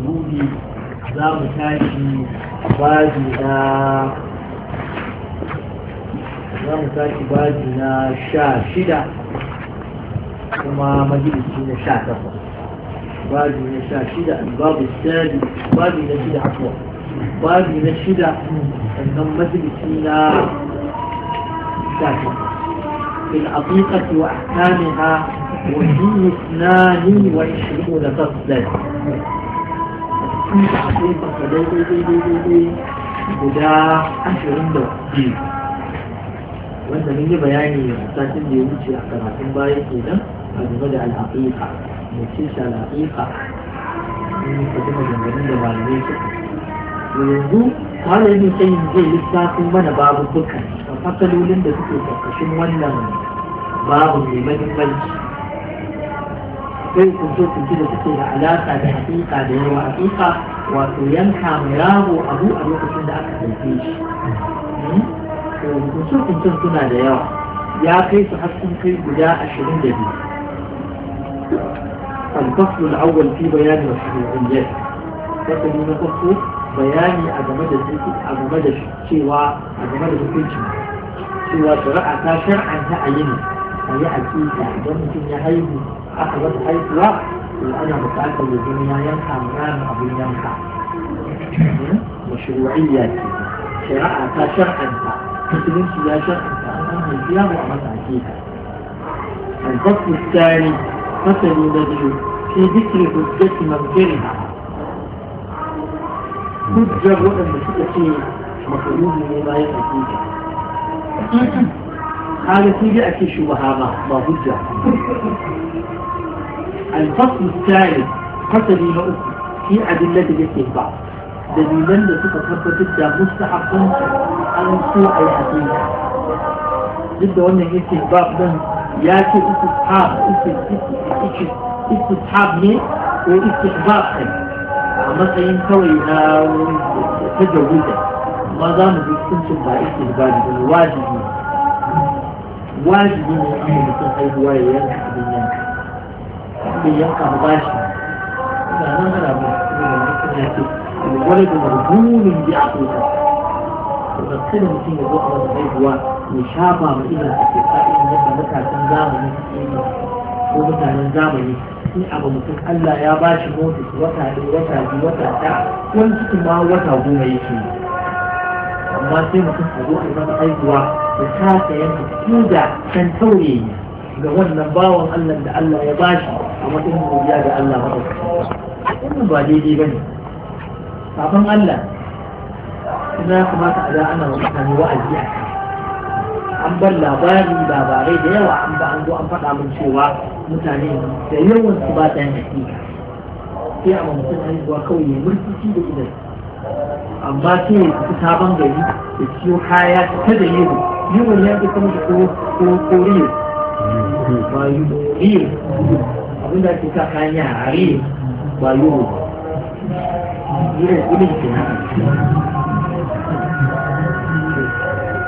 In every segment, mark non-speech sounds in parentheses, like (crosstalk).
mauludi za mu tashi baji na za mu tashi baji na sha shida kuma majalisi na sha takwas baji na sha shida babu sadi baji na shida afuwa baji na shida sannan majalisi na sha takwas في العقيقة وأحكامها وفيه اثنان وعشرون فصلا akwai masalai daidai guda ashirin da biyu wanda mun yi bayani satin da ya wuce a karatun baya kenan a game da al'aƙiƙa mu ce shi al'aƙiƙa mun faɗi maganganun da malamai suka yanzu malamin sai zai lissafin mana babu bukan fasalolin da suke ƙarƙashin wannan babu mai mahimmanci كيف كنت كده تقول على قد حقيقه حقيقه وينحى مراه ابو ابو كنت اكثر من فيش كنت كنت كنت انا يا يا كيف حسن في بدا اشرين دبي الفصل الاول في بيان الحقيقيات فصل من فصل بياني أجمد الزيكي أجمد الشيوى أجمد الزيكي شيوى شرعة شرعا هأيني ويعد فيه أحجام في النهاية أحجام حيث لا وأنا متأكد الدنيا ينفع مرام نعم، أبو ينفع مشروعية شرعة شرعا مسلم لا انت أنا الزيارة وأنا فيها الفصل الثاني فصل النبي في ذكر حجة من كره حجة وأن تأتي مخلوق لما يأتيك هذا تيجي أكي شبهة ما ما الفصل الثالث قتلي مؤكد في أدلة الاستهباء دليلا لسقة ثبت تبدا مستحقا أن سوء الحقيقة جدا وأن الاستهباء من ياكي استصحاب استصحاب ne ko istihbab ne a matsayin kawai na tajawuda amma za mu bi sun ba istihbabi wajibi ne a mai mutum haihuwa ya yanka abin yanka bai yanka mu ba shi ina nan ana ba su ne da mutum ya ce gwada da marhunin bi a tsoka to da kada mutum ya zo a wata haihuwa ya shafa ma idan a ke sa'in yadda matasan zamani suke yi ko mutanen zamani in abu mutum Allah ya ba shi motis wata ɗaya wata biyu wata ɗaya wani cikin ma wata goma yake yi amma sai mutum ka zo a yi masa aikuwa da kasa yanka su da kan tauye ga wannan bawan Allah da Allah ya bashi a matsayin godiya ga Allah maɗaukaki wannan ba daidai ba ne Kafin Allah kuma ya kamata a da ana wa mutane wa'azi a an bar labari labarai da yawa an ba an zo an faɗa min cewa mutane da yawan su ba ta yin hakika sai a mutum haihuwa kawai ya murkici da idan amma sai ya tafi sabon gari da siyo kaya ta da Yi yiwon ya fi kama da ko riyo ba riyo abin da ake sa kayan yara riyo ba yiro yiwon kudin ke na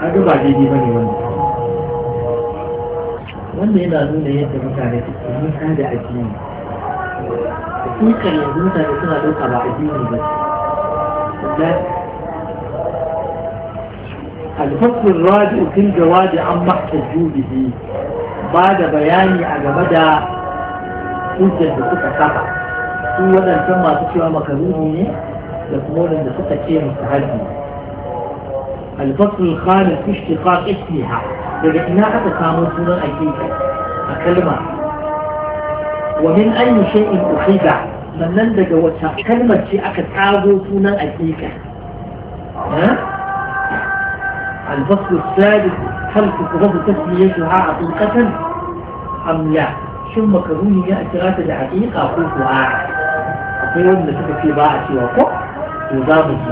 kaga ba daidai ba ne wannan wannan yana nuna yadda mutane suke nisa da addini. Hakikar yanzu mutane suna ɗauka ba addini ba الفصل الراجع في الجواد عن محت وجوده بعد بياني أجمد كنت بسكة سبع su waɗancan masu cewa makaruni ne da kuma waɗanda suka ce mustahabi الفصل الخامس في اشتقاق اسمها daga ina aka samu sunan aƙiƙa a kalma ومن أي شيء أخذ sannan daga wata kalmar ce aka tsago sunan aƙiƙa الفصل السادس هل تقرب تسميتها حقيقة أم لا؟ ثم كروني يأتي غاية الحقيقة قلتها أقول أن في باعة وقف نظامه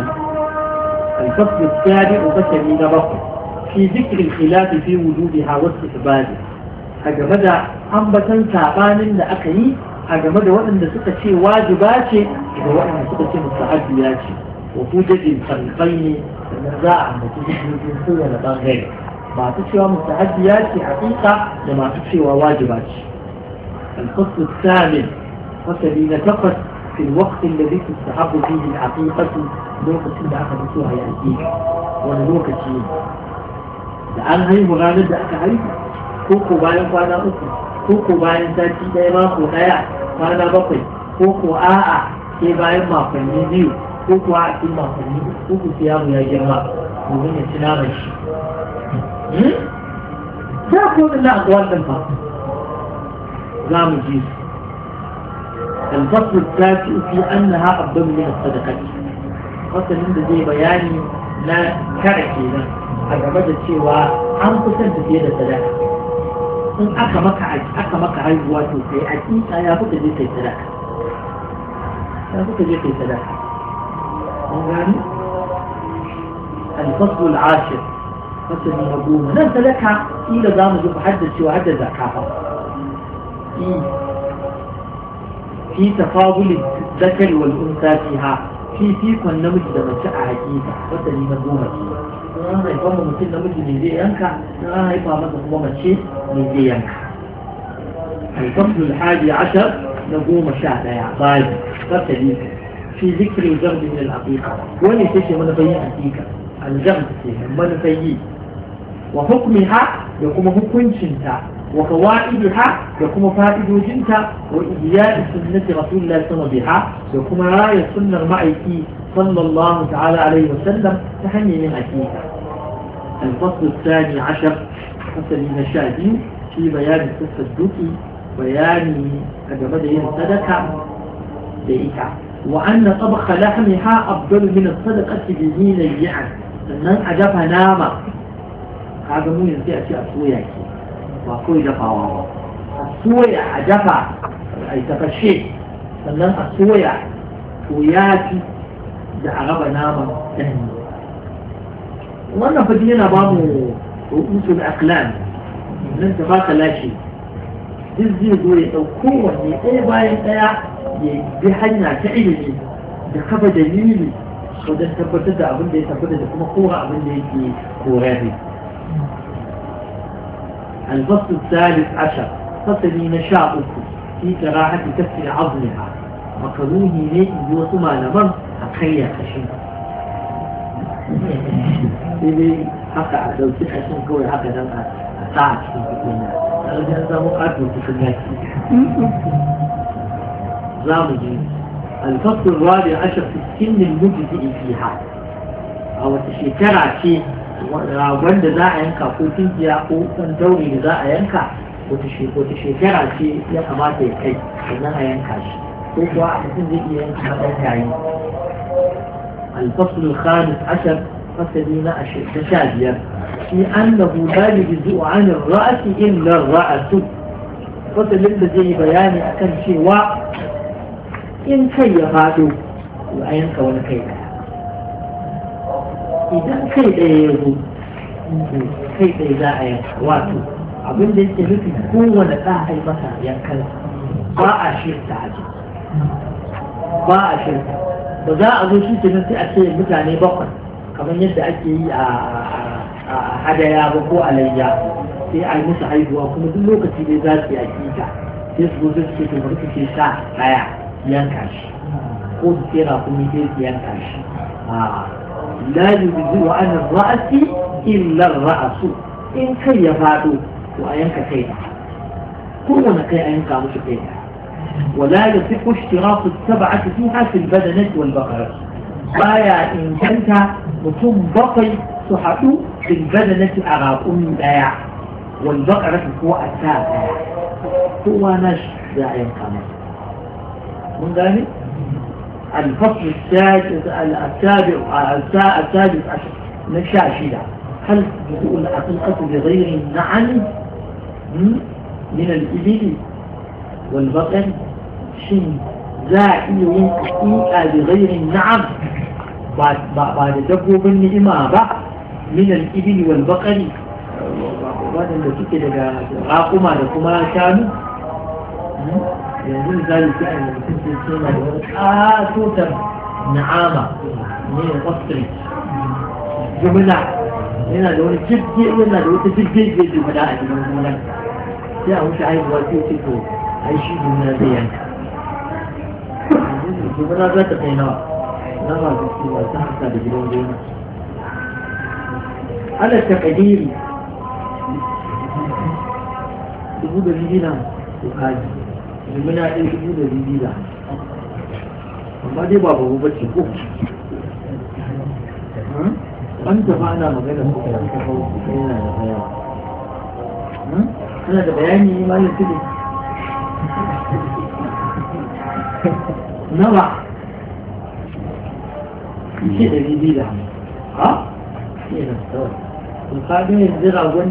الفصل السابع بشري نبقه في ذكر الخلاف في وجودها واستحبابه هكذا أنبتا سابان لأخيه a game da waɗanda suka ce wajiba ce da waɗanda suka ce mustahabiya ce wa hujjajin farfai ne sannan za a mutu ambaci hujjojin kowane bangare masu cewa mustahabiya ce haƙiƙa da masu cewa wajiba ce الفصل الثامن fihi تقص في الوقت الذي تستحب فيه العقيقة لوقت اللي أخذتوها da an لوقت شيء da aka مغالبة ko ko bayan kwana uku ko ko bayan sati ɗaya mako ɗaya kwana bakwai ko ko a'a ke bayan makonni biyu ko ko a cikin makonni ko ko siya ya girma domin ya ci nama shi. Hmm? Za ku wani na aguwar ɗan fa. Za mu ji. Alfasu ta ci fi an na haɓar domin ya sadakati. Fasalin da zai bayani na kare kenan a game da cewa an kusanta fiye da sadaka. in aka maka aka maka haihuwa to kai hakika ya fuka je kai sadaka ya fuka je kai sadaka mun gani الفصل العاشر فصل مهجوم نفس لك إلى دام جو محدد شو عدد زكاة في في تفاضل الذكر والأنثى فيها fifikon namiji da mace a hakika wata ni na goma ce an haifa ma mutum namiji ne zai yanka an haifa masa kuma mace ne zai yanka alfaflu alhaji ashar na goma sha ɗaya bayan wata ni fi zikirin zarbi min al'aƙiƙa wani ta ce mana bayin aƙiƙa aljarbi ce manufai yi wa hukumiha da kuma hukuncinta وفوائدها لكم فائد جنتا وإياء سنة رسول الله صلى الله عليه وسلم لكم راية سنة المعيكي صلى الله تعالى عليه وسلم تحني من أكيد الفصل الثاني عشر حسن المشاهدين في بيان التصدق بيان أجمدين الصدقة بيكا وأن طبخ لحمها أفضل من الصدقة بدين الجعل sannan أجبها نامة هذا مو mu في a ba kawai dafawa ba a soya a dafa a yi tafashe sannan a soya to ya fi da a raba naman yi. wannan fadi yana ba mu da aklan nan ta baka lashe duk zai zo ya ɗauko wanne ɗaya bayan ɗaya ya bi hanya ta ilimi da kafa dalili wajen tabbatar da abin da ya tabbata da kuma kowa abin da yake kora الفصل الثالث عشر فصلي نشاؤك في كراهة كف عظمها وكروه ليه يوطما لمن أخيا خشين إذا الفصل الرابع عشر في السن المجزئ فيها أو تشي كراهة ragon da za a yanka ko tijiya ko kan dauri da za a yanka wata shekara ce ya kamata ya kai sannan a yanka shi ko kuwa a cikin zai iya yanka na ɗan yayi الفصل الخامس عشر فصلين عشر تشابيا في أنه لا يجزء عن الرأس إلا الرأس فصل الذي بيان أكن شيء إن كي يفعلوا وأين كون كيفك idan kai ɗaya ya zo kai ɗaya za a yanka wato abin da yake nufi kowane ɗa a yi masa yankan ba a shirta a ji ba a shirta ba za a zo shi ke nan sai a ce mutane bakwai kamar yadda ake yi a hadaya ba ko alayya sai a yi musu haihuwa kuma duk lokaci ne za su yi akita sai su zo su ce to bari su sa ɗaya yanka shi ko su tsera kuma sai su yanka shi ah. لا يجزئ عن الرأس إلا الرأس إن كي يفاتو وأينك كينا كون كي أينك مش كينا ولا يصح اشتراط السبعة فيها في البدنة والبقرة بايا إن كنت متم بقي صحته في البدنة أغاب أم بايا والبقرة هو أتاء هو نشر داعي القمر من ذلك الفصل السادس السابع السادس عشر الشاشه شيعة هل تقول الحقيقة بغير النعل من الإبل والبقر شن زاحي الحقيقة بغير النعم بعد دبو بن إمامة من الإبل والبقر وأنا لو كنت راقما لكما كانوا يقول ذلك أن تسل سنة آتوتر نعامة من قصري جملة yana da wani jirgi yana da wata jirgin da ke fada a gidan gonar sai a wuce haihuwa sai ce to ai shi gona zai yanka gona za ta kai nawa na ba ta ce ba ta hasa da gidan gona ala ta kadiri dubu da biyu na ukaji na ɗin dubu da biyu amma dai ba babu bace ko hmm? an tafa ana magana ko kan hmm? kafa ko yana da haya da bayani ne malam tuli nawa ce da biyu da ha? Ina, kawai. Ka ga yanzu ragon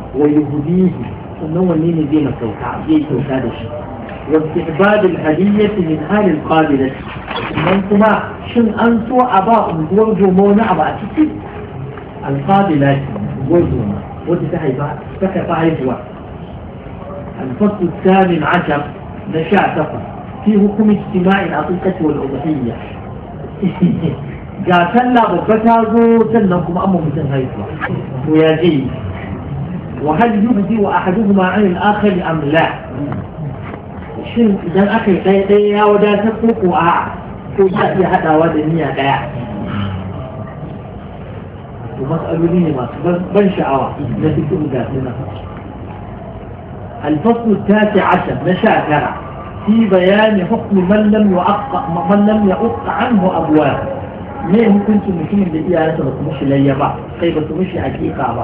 ويهديه أنه مين دين التوقع يجي توقع واستحباب الهدية من حال القابلة من كما شن أنتو أباء مدورجو مونا أباء تكتب القابلة ودي تحيبا بكى تحيبوا الفصل الثامن عشر نشاء تقل في حكم اجتماع العقيقة والأضحية (laughs) جاء سلا ببتا زو سلا أمو متن هايفوا ويا جيد وهل يبدي أحدهما عن الآخر أم لا شنو إذا أخي سيدي يا ودا سبقوا أعا وشأتي حتى ودنيا كيا ومسألوني ما بل شعوة نتي تؤدى الفصل التاسع عشر نشاء كرع في بيان حكم من لم يعق من لم يعق عنه أبواب ليه ممكن تمشي بدي أنا تبقى مش ليا بعض، كيف تمشي أكيد بعض.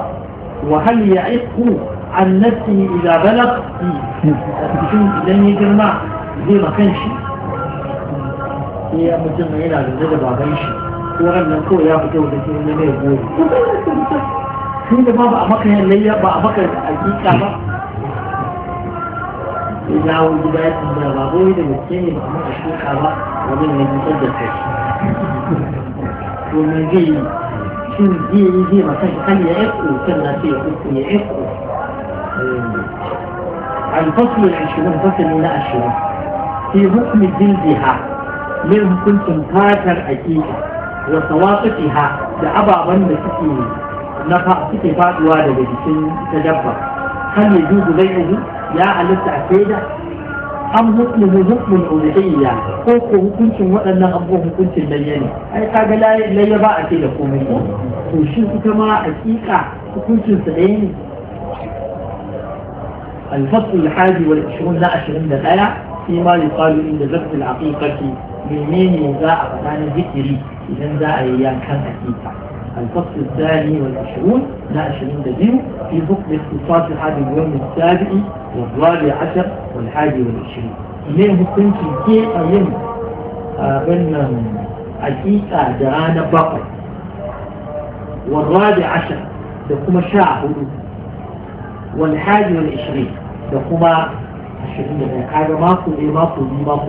وهل يعق عن نفسه اذا بلغ لكن لن يجمع زي ما كانش ya mutum mai yana da ba gan shi ko wannan ko ya fito da shi ne mai gobe shi da ba a maka yan layya ba a maka hakika ba ya dawo gida ya tsada ba ko da mutum ne ba a maka shuka ba wani ne mutum da kai ko mai zai yi shin zai yi zai ba kan kan ya na ce ku ku ne na ashe shi hukumi hukuncin fatar ake wa sawaqati ha da ababan da suke na suke faduwa daga bikin ta dabba kan ya dubu zai yi ya alitta akeda أمضت لنزوك من أولئية قوك وكنت مؤلنا أمضوه كنت المليان أي قاقة لا يباع في لكم وشيك كما أتيك وكنت سعين الفصل الحادي والعشرون لا أشغل لغاية فيما يقال إن ذكر العقيقة بالمين يزاع فتان ذكري إذا ذا أيام كان أتيك الفصل الثاني والعشرون ناشر دزيو في فصل اختصاص هذا اليوم السابع والرابع عشر والحادي والعشرين من هكون في كي أيام آه، من حقيقة جرانا بقر والرابع عشر لكما حدود والحادي والعشرين لكما عشرين دقيقة هذا ماكو إيه ماكو إيه ماكو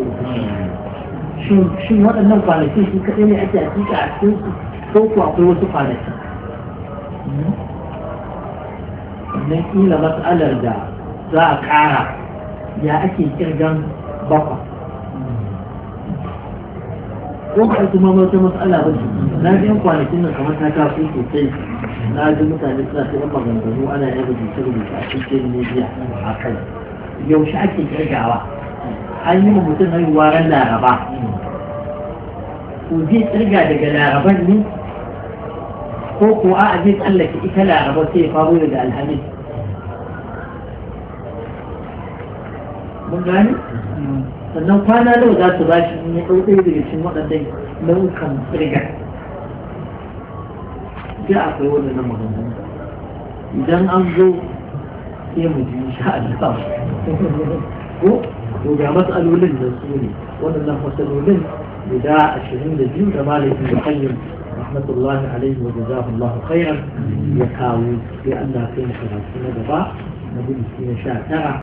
شو شو هذا النوع على كيف كيف يعني أتى حقيقة عشرين ko ku akwai wasu kwanaki sannan kila matsalar da za a ƙara ya ake kirgan bakwa ko ba kuma wata matsala ba ce na ji kwanakin nan kamar ta su sosai na ji mutane suna ta yan maganganu ana yin rubuce rubuce a cikin media a kai yaushe ake kirgawa an yi ma mutum haihuwa ran laraba ko zai kirga daga laraban ne ko ko a Allah tsallake ita laraba sai ya faru da alhamis mun gani sannan kwana nawa za su bashi in ya ɗau da daga cikin waɗannan nau'ukan riga da akwai waɗannan magana. idan an zo sai mu ji insha Allah ko to ga matsalolin da su ne waɗannan matsalolin guda ashirin da biyu da malamin da hanyar رحمة الله عليه وجزاه الله خيرا يكاوي لأن في شرع سنة بقى نبي سنة